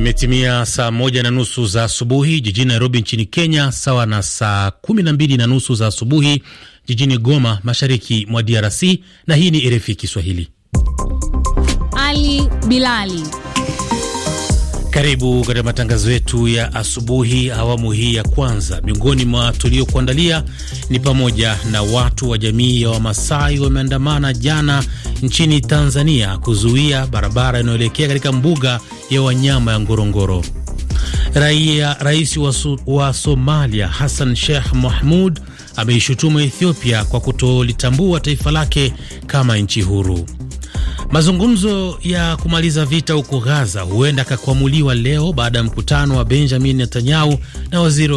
Imetimia saa moja na nusu za asubuhi jijini Nairobi nchini Kenya, sawa na saa kumi na mbili na nusu za asubuhi jijini Goma, mashariki mwa DRC. Na hii ni RFI Kiswahili. Ali Bilali, karibu katika matangazo yetu ya asubuhi awamu hii ya kwanza. Miongoni mwa tuliokuandalia ni pamoja na watu wa jamii ya Wamasai wameandamana jana nchini Tanzania kuzuia barabara inayoelekea katika mbuga ya wanyama ya Ngorongoro. Raia rais wa, wa Somalia Hassan Sheikh Mahmud ameishutumu Ethiopia kwa kutolitambua taifa lake kama nchi huru. Mazungumzo ya kumaliza vita huko Gaza huenda akakwamuliwa leo baada ya mkutano wa Benjamin Netanyahu na waziri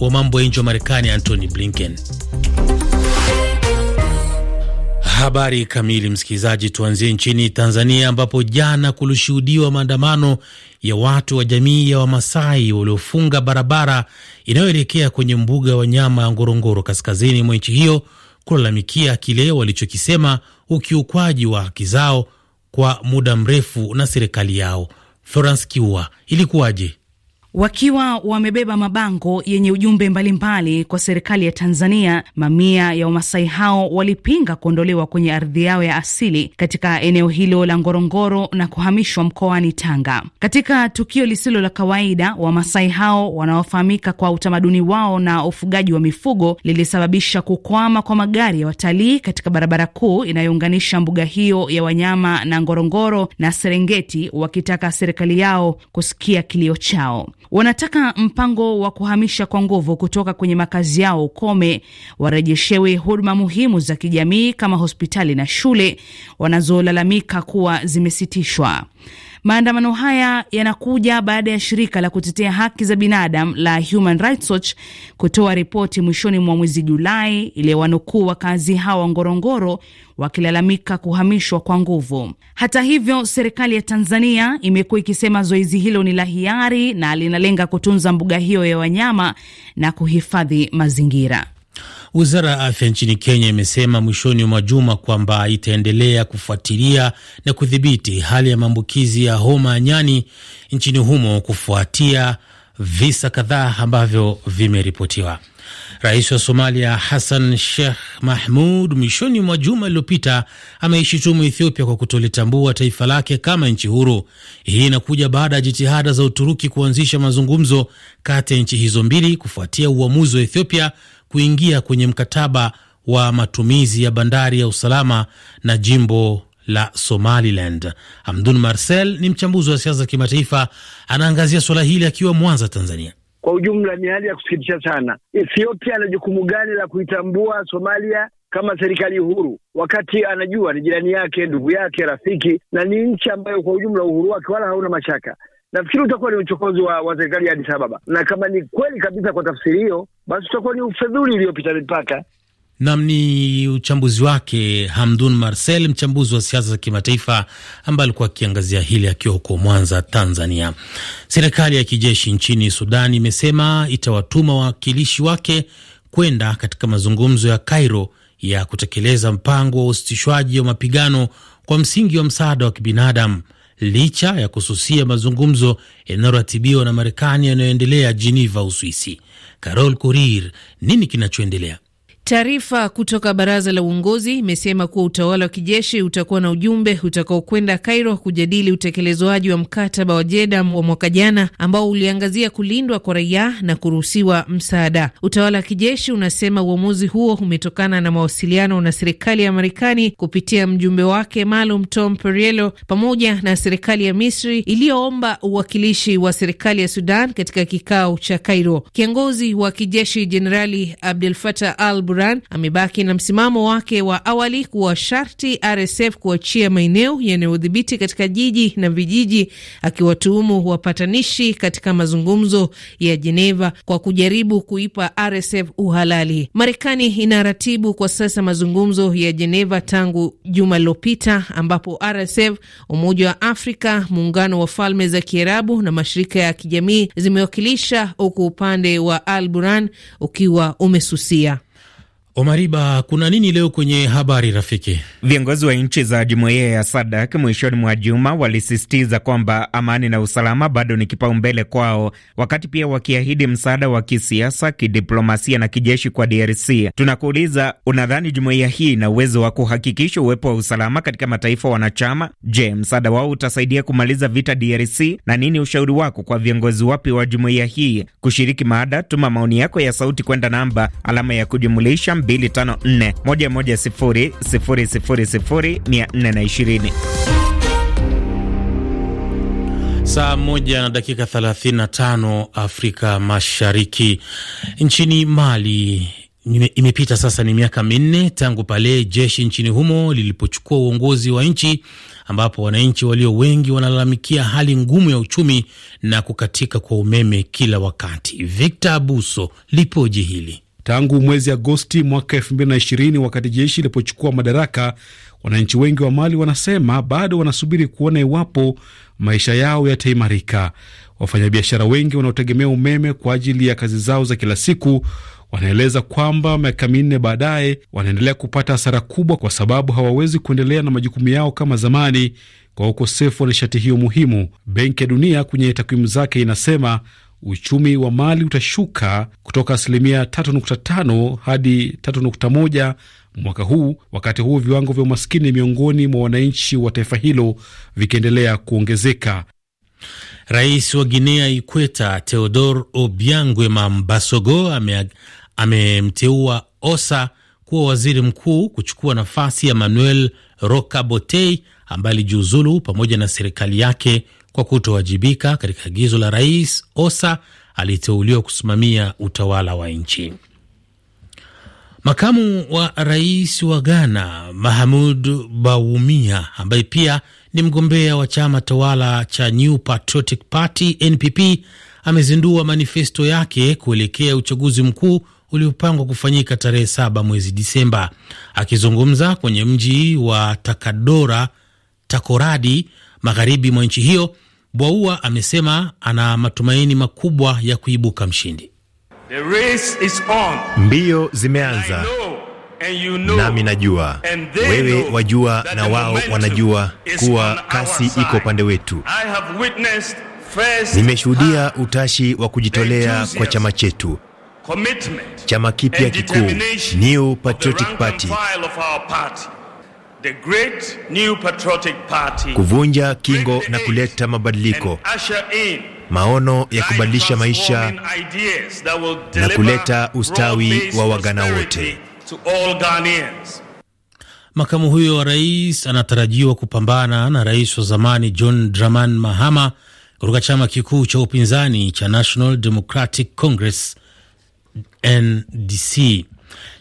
wa mambo ya nje wa Marekani Antony Blinken. Habari kamili, msikilizaji. Tuanzie nchini Tanzania ambapo jana kulishuhudiwa maandamano ya watu wa jamii ya Wamasai waliofunga barabara inayoelekea kwenye mbuga ya wanyama ya Ngorongoro kaskazini mwa nchi hiyo kulalamikia kile walichokisema ukiukwaji wa haki zao kwa muda mrefu na serikali yao. Florence Kiua, ilikuwaje? Wakiwa wamebeba mabango yenye ujumbe mbalimbali mbali kwa serikali ya Tanzania, mamia ya Wamasai hao walipinga kuondolewa kwenye ardhi yao ya asili katika eneo hilo la Ngorongoro na kuhamishwa mkoani Tanga. Katika tukio lisilo la kawaida, Wamasai hao wanaofahamika kwa utamaduni wao na ufugaji wa mifugo lilisababisha kukwama kwa magari ya watalii katika barabara kuu inayounganisha mbuga hiyo ya wanyama na Ngorongoro na Serengeti, wakitaka serikali yao kusikia kilio chao. Wanataka mpango wa kuhamisha kwa nguvu kutoka kwenye makazi yao ukome, warejeshewe huduma muhimu za kijamii kama hospitali na shule wanazolalamika kuwa zimesitishwa. Maandamano haya yanakuja baada ya shirika la kutetea haki za binadamu la Human Rights Watch kutoa ripoti mwishoni mwa mwezi Julai iliyowanukuu wakazi hawa Ngorongoro wakilalamika kuhamishwa kwa nguvu. Hata hivyo, serikali ya Tanzania imekuwa ikisema zoezi hilo ni la hiari na linalenga kutunza mbuga hiyo ya wanyama na kuhifadhi mazingira. Wizara ya afya nchini Kenya imesema mwishoni mwa juma kwamba itaendelea kufuatilia na kudhibiti hali ya maambukizi ya homa ya nyani nchini humo kufuatia visa kadhaa ambavyo vimeripotiwa. Rais wa Somalia Hassan Sheikh Mahmud mwishoni mwa juma iliyopita ameishutumu Ethiopia kwa kutolitambua taifa lake kama nchi huru. Hii inakuja baada ya jitihada za Uturuki kuanzisha mazungumzo kati ya nchi hizo mbili kufuatia uamuzi wa Ethiopia kuingia kwenye mkataba wa matumizi ya bandari ya usalama na jimbo la Somaliland. Hamdun Marcel ni mchambuzi wa siasa za kimataifa, anaangazia suala hili akiwa Mwanza, Tanzania. Kwa ujumla ni hali ya kusikitisha sana. Ethiopia ana jukumu gani la kuitambua Somalia kama serikali huru, wakati anajua ni jirani yake, ndugu yake, rafiki na ni nchi ambayo kwa ujumla uhuru wake wala hauna mashaka nafikiri utakuwa ni uchokozi wa, wa serikali ya Addis Ababa, na kama ni kweli kabisa kwa tafsiri hiyo, basi utakuwa ni ufedhuli iliyopita mipaka. Nam ni uchambuzi wake Hamdun Marcel, mchambuzi wa siasa za kimataifa ambaye alikuwa akiangazia hili akiwa huko Mwanza, Tanzania. Serikali ya kijeshi nchini Sudan imesema itawatuma wawakilishi wake kwenda katika mazungumzo ya Kairo ya kutekeleza mpango wa usitishwaji wa mapigano kwa msingi wa msaada wa kibinadamu licha ya kususia mazungumzo yanayoratibiwa na Marekani yanayoendelea Geneva, Uswisi. Carol Korir, nini kinachoendelea? Taarifa kutoka baraza la uongozi imesema kuwa utawala wa kijeshi utakuwa na ujumbe utakaokwenda Kairo kujadili utekelezwaji wa mkataba wa Jeda wa mwaka jana ambao uliangazia kulindwa kwa raia na kuruhusiwa msaada. Utawala wa kijeshi unasema uamuzi huo umetokana na mawasiliano na serikali ya Marekani kupitia mjumbe wake maalum Tom Perriello pamoja na serikali ya Misri iliyoomba uwakilishi wa serikali ya Sudan katika kikao cha Kairo. Kiongozi wa kijeshi Jenerali Abdel Fattah al Duran amebaki na msimamo wake wa awali kuwa sharti RSF kuachia maeneo yanayodhibiti katika jiji na vijiji, akiwatuhumu wapatanishi katika mazungumzo ya Jeneva kwa kujaribu kuipa RSF uhalali. Marekani inaratibu kwa sasa mazungumzo ya Jeneva tangu juma lilopita, ambapo RSF, Umoja wa Afrika, Muungano wa Falme za Kiarabu na mashirika ya kijamii zimewakilisha, huku upande wa Al Buran ukiwa umesusia. Omariba, kuna nini leo kwenye habari rafiki? Viongozi wa nchi za jumuiya ya SADAK mwishoni mwa juma walisisitiza kwamba amani na usalama bado ni kipaumbele kwao, wakati pia wakiahidi msaada wa kisiasa, kidiplomasia na kijeshi kwa DRC. Tunakuuliza, unadhani jumuiya hii ina uwezo wa kuhakikisha uwepo wa usalama katika mataifa wanachama? Je, msaada wao utasaidia kumaliza vita DRC? Na nini ushauri wako kwa viongozi wapya wa jumuiya hii? Kushiriki mada? tuma maoni yako ya sauti kwenda namba alama ya kujumulisha Saa moja na dakika 35 Afrika Mashariki. Nchini Mali imepita sasa ni miaka minne tangu pale jeshi nchini humo lilipochukua uongozi wa nchi, ambapo wananchi walio wengi wanalalamikia hali ngumu ya uchumi na kukatika kwa umeme kila wakati. Victor Abuso lipoje hili? Tangu mwezi Agosti mwaka 220 wakati jeshi ilipochukua madaraka, wananchi wengi wa Mali wanasema bado wanasubiri kuona iwapo maisha yao yataimarika. Wafanyabiashara wengi wanaotegemea umeme kwa ajili ya kazi zao za kila siku wanaeleza kwamba miaka minne baadaye wanaendelea kupata hasara kubwa, kwa sababu hawawezi kuendelea na majukumu yao kama zamani kwa ukosefu wa nishati hiyo muhimu. Benki ya Dunia kwenye takwimu zake inasema uchumi wa Mali utashuka kutoka asilimia 3.5 hadi 3.1 mwaka huu, wakati huu viwango vya umaskini miongoni mwa wananchi wa taifa hilo vikiendelea kuongezeka. Rais wa Guinea Ikweta Teodor Obiangwe Mambasogo amemteua ame Osa kuwa waziri mkuu kuchukua nafasi ya Manuel Roca Botei ambaye alijiuzulu pamoja na serikali yake kwa kutowajibika katika agizo la rais Osa aliteuliwa kusimamia utawala wa nchi. Makamu wa rais wa Ghana Mahamud Bawumia, ambaye pia ni mgombea wa chama tawala cha New Patriotic Party NPP, amezindua manifesto yake kuelekea uchaguzi mkuu uliopangwa kufanyika tarehe saba mwezi Disemba. Akizungumza kwenye mji wa Takadora Takoradi, magharibi mwa nchi hiyo, Bwaua amesema ana matumaini makubwa ya kuibuka mshindi. The race is on. Mbio zimeanza you know, nami najua wewe wajua na wao wanajua kuwa kasi iko upande wetu. Nimeshuhudia utashi wa kujitolea kwa chama chetu, chama kipya kikuu New Patriotic Party The great new patriotic party kuvunja kingo na kuleta mabadiliko, maono ya kubadilisha maisha na kuleta ustawi wa wagana wote. Makamu huyo wa rais anatarajiwa kupambana na rais wa zamani John Dramani Mahama kutoka chama kikuu cha upinzani cha National Democratic Congress NDC.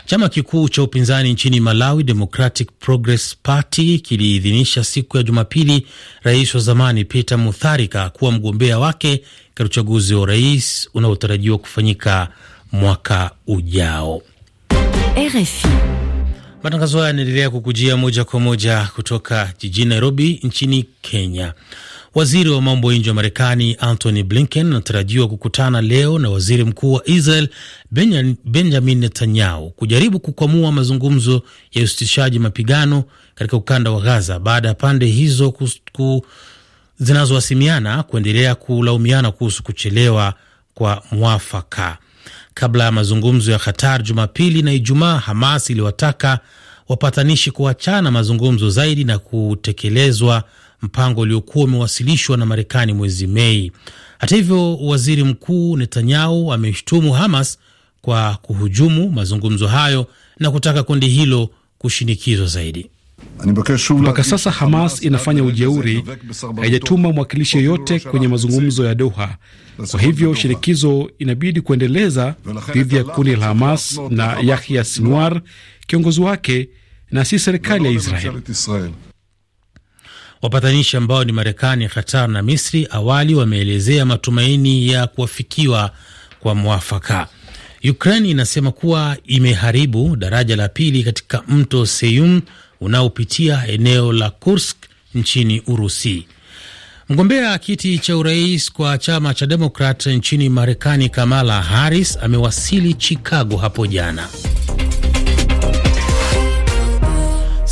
Chama kikuu cha upinzani nchini Malawi, Democratic Progress Party, kiliidhinisha siku ya Jumapili rais wa zamani Peter Mutharika kuwa mgombea wake katika uchaguzi wa urais unaotarajiwa kufanyika mwaka ujao. RFI. Matangazo haya yanaendelea kukujia moja kwa moja kutoka jijini Nairobi nchini Kenya. Waziri wa mambo ya nje wa Marekani Antony Blinken anatarajiwa kukutana leo na waziri mkuu wa Israel Benjamin Netanyahu kujaribu kukwamua mazungumzo ya usitishaji mapigano katika ukanda wa Gaza baada ya pande hizo zinazohasimiana kuendelea kulaumiana kuhusu kuchelewa kwa mwafaka. Kabla ya mazungumzo ya Qatar Jumapili na Ijumaa, Hamas iliwataka wapatanishi kuachana mazungumzo zaidi na kutekelezwa mpango uliokuwa umewasilishwa na Marekani mwezi Mei. Hata hivyo, waziri mkuu Netanyahu ameshtumu Hamas kwa kuhujumu mazungumzo hayo na kutaka kundi hilo kushinikizwa zaidi. Mpaka sasa Hamas inafanya ujeuri, haijatuma mwakilishi yoyote kwenye mazungumzo ya Doha. Kwa hivyo shinikizo inabidi kuendeleza dhidi ya kundi la Hamas na Yahya Sinwar, kiongozi wake, na si serikali ya Israel. Wapatanishi ambao ni Marekani, Qatar na Misri awali wameelezea matumaini ya kuwafikiwa kwa mwafaka. Ukraine inasema kuwa imeharibu daraja la pili katika mto Seyum unaopitia eneo la Kursk nchini Urusi. Mgombea kiti cha urais kwa chama cha Demokrat nchini Marekani, Kamala Harris amewasili Chicago hapo jana.